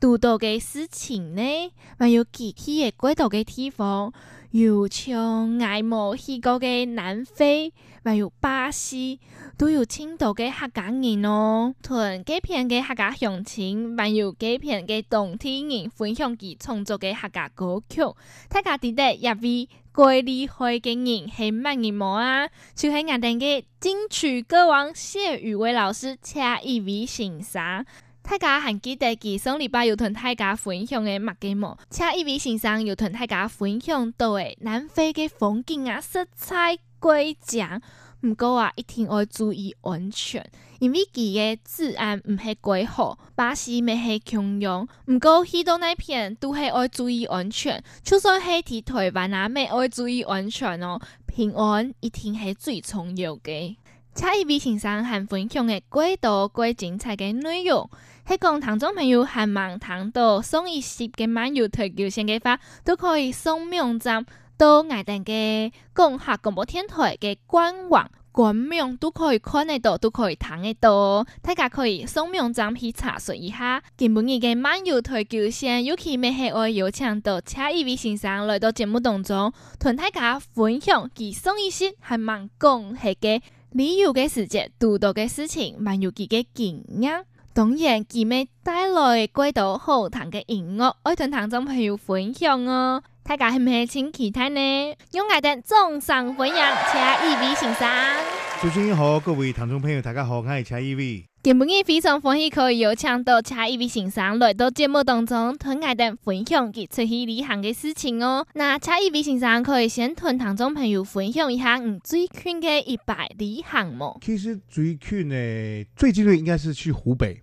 獨到的事情呢，還有其他嘅軌道的地方，有像愛慕去過的南非，還有巴西，都有青島的客家人哦，同這片的客家鄉親，還有這片的當地人，分享佢創作的客家歌曲，大家知道一位最厲害的人係乜嘢啊？就喺我哋的金曲歌王謝宇威老師，請一筆欣賞。大家還記得上禮拜有同，大家分享個墨西哥嗎？請呢位先生，又同大家分享到個南非的風景啊，色彩規強。唔過啊，一定要注意安全，因為佢的治安唔係鬼好，巴西咪係窮樣。唔過去到那邊，都係要注意安全，就算去鐵台灣啊，也要注意安全哦，平安一定是最重要的。請呢位先生還分享的幾多幾精彩的內容。香港聽眾朋友系萬聽到雙語節嘅慢遊退休先的話都可以掃描一下到我哋嘅講下廣播電台嘅官網，官網都可以看得到，都可以聽得到，大家可以掃描一下去查詢一下。今日嘅慢遊退休先尤其咩係我邀請到車依位先生嚟到節目當中，同大家分享佢雙語節系萬講系嘅旅遊嘅世界度度嘅事情，慢遊佢嘅經驗。當然，今晚帶來歸到好聽嘅音樂，愛聽聽眾朋友分享哦。大家係唔係請期待呢？我愛聽，掌聲分享，謝依維先生。主持人好，各位聽眾朋友，大家好，我係謝依維。今日非常歡喜，可以有請到謝依維先生來到節目當中，同愛聽分享佢出去旅行嘅事情哦。那謝依維先生可以先同聽眾朋友分享一下，唔，最近嘅一百里項目。其實最近呢，最近呢，應該是去湖北。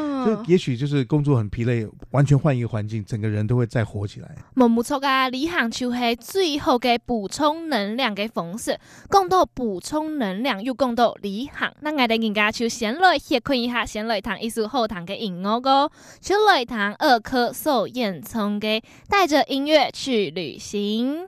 也許就是工作很疲累，完全換一個環境，整個人都會再活起來。冇錯、嗯、啊，旅行就係最好嘅補充能量嘅方式。講到補充能量，又講到旅行，那我哋而家就先來歇困一下，先來聽一首好聽嘅音樂歌，先來聽二珂所演唱嘅《帶着音樂去旅行》。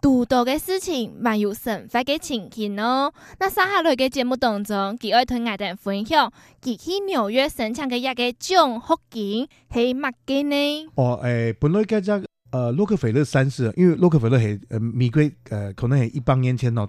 獨多嘅事情，蠻有神罰嘅情景、喔、哦。那接下嚟嘅節目當中，佢要同大家分享，佢去紐約申請嘅一個獎學金係乜嘅呢？哦，誒、呃，本來個、就、只、是，呃，洛克菲勒三世，因為洛克菲勒係，呃，美國，呃，可能係一百年前哦。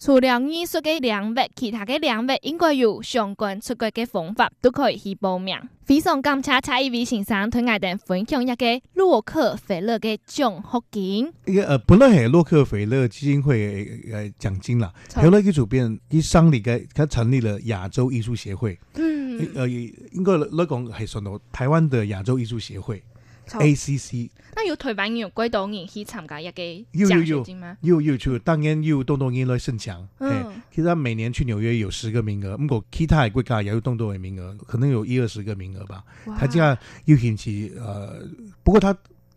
除了藝術嘅領域，其他嘅領域，應該有相關出國嘅方法，都可以去報名。非常感謝蔡依偉先生同我哋分享一個洛克菲勒嘅獎學金。一個呃，本來係洛克菲勒基金會誒獎金啦，後從 來佢主編佢創立嘅，佢成立了亞洲藝術協會。嗯，呃，應該來講係算到台灣的亞洲藝術協會。So, A.C.C. 那要退版要歸到年去參加一個獎學金嗎？要要要，當然要多多音樂盛強。嗯、其實他每年去紐約有十個名額，不過，其他嘅國家也有多多嘅名額，可能有一二十個名額吧。佢家要前期，誒、呃，不過他。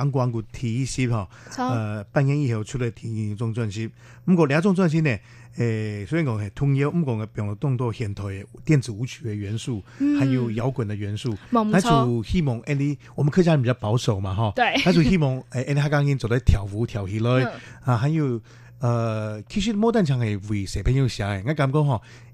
眼光佢睇攝嚇，呃，半年以後出嚟睇中專輯。不過兩種專輯呢，呃、欸，雖然講係統一。咁講嘅《病毒當道》現代嘅電子舞曲嘅元素，還有搖滾嘅元素。那就、嗯、希望 Andy，、欸、我們客家人比較保守嘛，哈。那就對 希望，誒，Andy，他剛先做啲跳舞跳起來，嗯、啊，還有誒、呃，其實摩登唱係為小朋友寫嘅，我感覺吼。